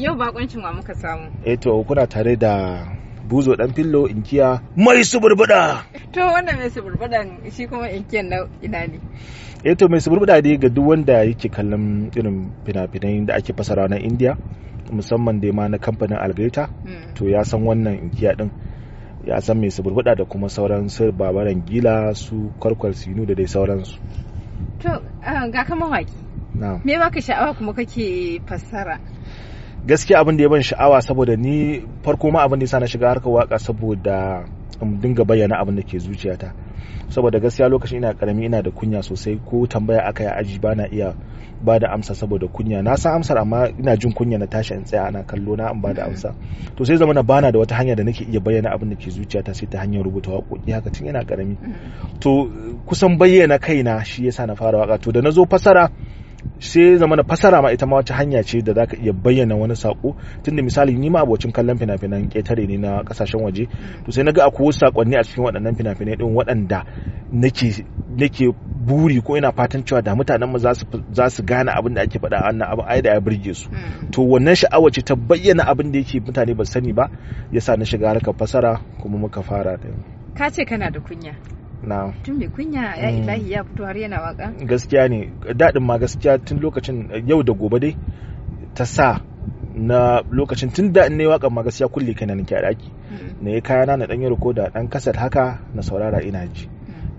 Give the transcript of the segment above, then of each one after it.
Yau bakoncin wa muka samu. Eh to kuna tare da buzo dan fillo inkiya mai suburbuda. To wannan mai suburbudan shi kuma inkiyan na ina ne. Eh to mai suburbuda dai ga duk wanda yake kallon irin fina-finai da ake fasara na India musamman dai ma na kamfanin Algaita hmm. to ya san wannan inkiya din. ya san mai suburbuda da kuma sauran su babaran gila su kwarkwar sinu da dai sauransu to eh, ga kama waki me baka sha'awa kuma kake fassara gaskiya abin da ya ban sha'awa saboda ni farko ma abin da yasa na shiga harkar waka saboda in dinga bayyana abin da ke zuciyata saboda gaskiya lokacin ina karami ina da kunya sosai ko tambaya aka yi aji bana iya ba da amsa saboda kunya na san amsar amma ina jin kunya na tashi in tsaya ana kallo na in ba da amsa mm. to sai zama na bana da wata hanya da nake iya bayyana abin da ke zuciyata sai ta hanyar rubuta waƙoƙi haka tun ina karami mm. to kusan bayyana kaina shi yasa na fara waka to da na zo fasara sai zama na fasara ma ita ma wata hanya ce da zaka iya bayyana wani sako tunda misali ni ma abocin kallon fina-finan ƙetare ne na kasashen waje to sai naga akwai sakonni a cikin waɗannan fina-finai din waɗanda nake nake buri ko ina fatan cewa da mutanen mu za su gane abin da ake faɗa a wannan abu ai da ya burge su hmm. to wannan sha'awa ce ta bayyana abin da yake mutane ba sani ba yasa na shiga harkar fasara kuma muka fara da ka ce kana da kunya na tun da kunya ya mm. ilahi ya fito har yana waka gaskiya ne daɗin ma gaskiya tun lokacin yau da gobe dai ta sa na lokacin tun da ne waka ma gaskiya kulle kai na nake a daki mm. na yi kayana na ɗan ko da ɗan kasar haka na saurara ina ji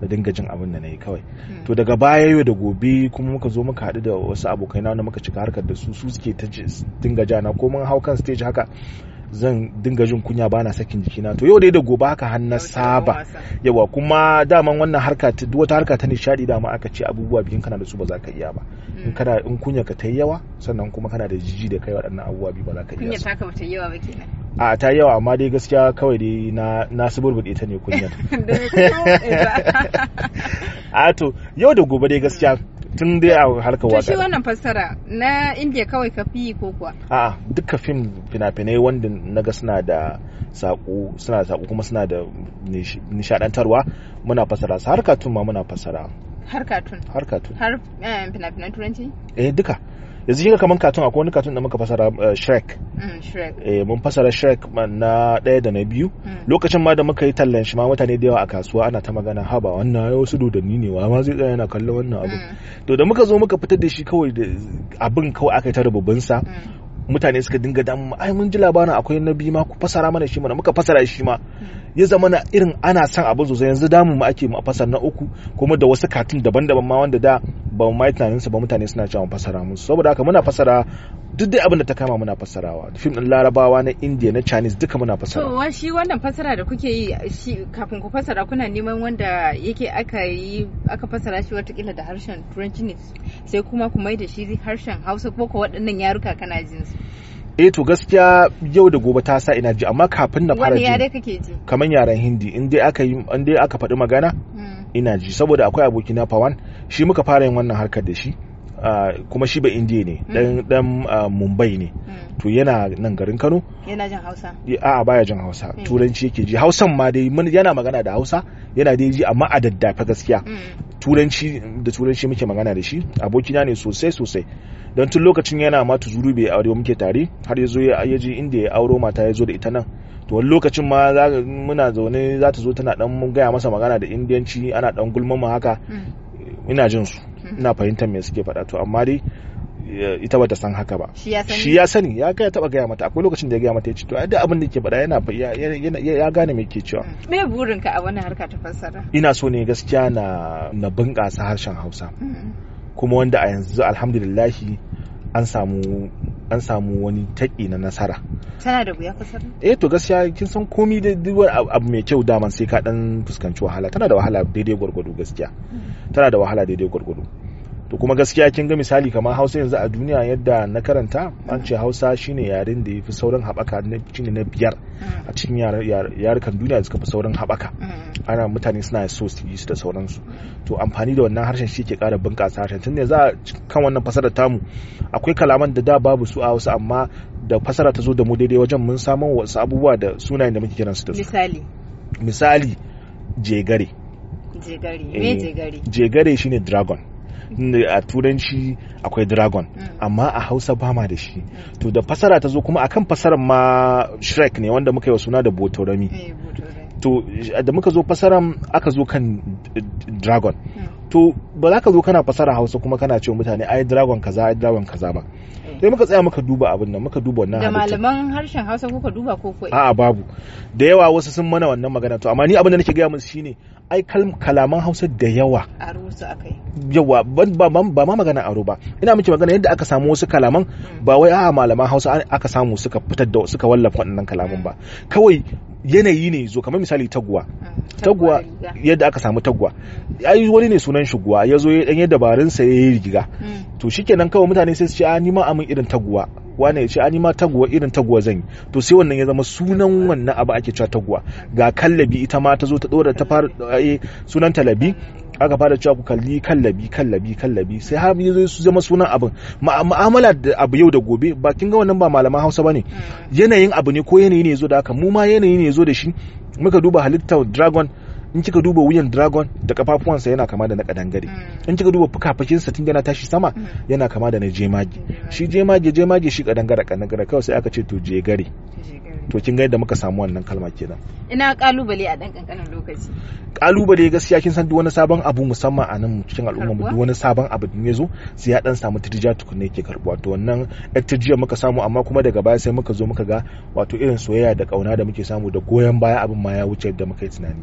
da mm. dinga jin abin da na yi kawai to daga baya yau da gobe kuma muka zo muka haɗu da wasu abokai na muka cika harkar da su su suke ta dinga jana ko mun hau kan stage haka zan dinga jin kunya bana sakin jikina to yau dai da gobe haka har na saba yawa kuma daman wannan harka duk wata harka ta nishadi dama aka ce abubuwa biyun kana da su ba za ka iya ba in mm. kana in kunya ka ta yawa sannan kuma kana da jiji da kai waɗannan abubuwa biyu ba za ka iya kunya ta ka ta yawa ba kenan a ta yawa amma dai gaskiya kawai dai na na suburbuɗe ta ne kunya eh a to yau da gobe dai gaskiya tun dai a harkar wata. shi wannan fassara na indiya kawai ka fi ko kuwa a duka fim fina-finai wanda naga suna da saƙo suna da saƙo kuma suna da nishadantarwa muna fassara su harkatun ma muna fassara har katun har katun har eh, fina-finan turanci eh duka yanzu shiga kaman katun akwai wani katun da muka fasara uh, mm, shrek eh mun fasara shrek na ɗaya da na biyu mm. lokacin ma da muka yi tallan shi ma mutane da yawa a kasuwa ana ta magana haba wannan ya wasu dodanni ne wa ma zai tsaya yana kallon wannan abin mm. to da muka zo muka fitar da shi kawai da abin kawai aka yi ta rububin sa mutane suka dinga damu ai mun ji labarin akwai na biyu ma ku fasara mana shi mana muka fasara shi ma ya zama na irin ana son abin sosai yanzu damu mu ake mu a fasar na uku kuma da wasu katun daban-daban ma wanda da ba mu mai tunaninsa ba mutane suna cewa mu fasara musu saboda haka muna fasara duk dai abin da ta kama muna fasarawa fim din larabawa na india na chinese duka muna fasara to shi wannan fasara da kuke yi shi kafin ku fasara kuna neman wanda yake aka yi aka fasara shi watakila da harshen turanci ne sai kuma ku mai da shi harshen hausa ko ko waɗannan yaruka kana jin su eh to gaskiya yau da gobe ta sa ina ji amma kafin na fara ji yare kake ji kamar yaren hindi in dai aka yi in dai aka faɗi magana mm. ina ji saboda akwai abokina fawan shi muka fara yin wannan harkar da shi Uh, kuma shi ba indiya ne mm. dan dan mumbai ne mm. to yana nan garin kano yana jin hausa a'a baya jin hausa mm. turanci yake ji hausan ma dai yana magana da hausa yana dai ji amma a daddafa gaskiya turanci da turanci muke magana da shi abokina ne sosai sosai don tun lokacin yana ma tuzuru bai aure muke tare har yazo ya je inda ya auro mata ya zo da ita nan to wani lokacin ma muna zaune za ta zo tana dan gaya masa magana da indiyanci ana dan gulma mu haka ina jin su ina fahimtar me suke fada to amma dai ita bata san haka ba shi ya sani ya ga ya taba gaya mata akwai lokacin da ya gaya mata ya ce to da abin da yake faɗa yana ya gane me yake cewa mm. me burin ka a wannan harka ta fassara ina so ne gaskiya na na bunƙasa harshen Hausa mm. kuma wanda a yanzu alhamdulillahi an samu an samu wani taƙi na nasara tana da wuya kasar eh to gaskiya kin san komi da duwar abu mai kyau daman sai ka dan fuskanci wahala tana da wahala daidai gwargwado gaskiya mm-hmm. tana da wahala daidai gwargwado to kuma gaskiya kin ga misali kamar hausa yanzu a duniya yadda na karanta an ce hausa shine yaren da ya fi sauran haɓaka na cikin na biyar a cikin yarukan duniya da suka fi sauran haɓaka ana mutane suna so su yi su da sauransu to amfani da wannan harshen shi ke ƙara bunƙasa harshen tun ne za a kan wannan fasarar tamu akwai kalaman da da babu su a hausa amma da fasara ta zo da mu daidai wajen mun samu wasu abubuwa da sunayen da muke kiransu da su misali misali jegare jegare me eh, jegare jegare shine dragon a turanci akwai dragon mm. amma a hausa ba ma da shi mm. to da fasara ta zo kuma akan fasarar ma shrek ne wanda muka yi wa suna da botorami eh, to da muka zo fasaran aka zo kan dragon mm. to ba za ka zo kana fasara hausa kuma kana ce mutane ai dragon kaza ai dragon kaza ba sai muka tsaya muka duba abin nan muka duba wannan da malaman harshen hausa kuka duba ko ko a'a babu da yawa wasu sun mana wannan magana to amma ni abin da nake gaya musu shine ai kalaman hausa da yawa aro su akai yawa ba ba ma magana aro ba ina miki magana yadda aka samu wasu kalaman mm. ba wai a'a malaman hausa aka samu suka fitar da suka wallafa wannan kalaman ba kawai yanayi ne zo kamar misali taguwa mm, taguwa yadda aka samu taguwa ai wani ne sunan shiguwa ya zo ya dan yadda barinsa ya yi riga mm. to shikenan kawai mutane sai su ce a ah, ni ma amin irin taguwa wane ya ce ani ma taguwa irin taguwa zan yi to sai wannan ya zama sunan wannan abu ake cewa taguwa ga kallabi ita ma ta zo ta dora ta fara eh, sunan talabi aka fara cewa ku kalli kallabi kallabi kallabi sai har yanzu su zama sunan abin ma'amala da abu yau da gobe ba kin ga wannan ba malaman Hausa bane hmm. yanayin abu ne ko yanayi ne zo da haka mu ma yanayi ne zo da shi muka duba halitta dragon in kika duba wuyan dragon da kafafuwansa yana kama da na kadangare mm. in kika duba fukafukinsa tun yana tashi sama mm. yana kama da na jemage shi jemage jemage shi kadangare kadangare kawai sai aka ce to jegare to kin ga yadda muka samu wannan kalma kenan ina kalubale a dan kankanin lokaci kalubale gaskiya kin san duk wani sabon abu musamman a nan cikin al'umma mu duk wani sabon abu da ya zo sai ya dan samu tirja tukunne yake karbuwa to wannan tirjiyar muka samu amma kuma daga baya sai muka zo muka ga wato irin soyayya da kauna da muke samu da goyon baya abin ma ya wuce da muka yi tunani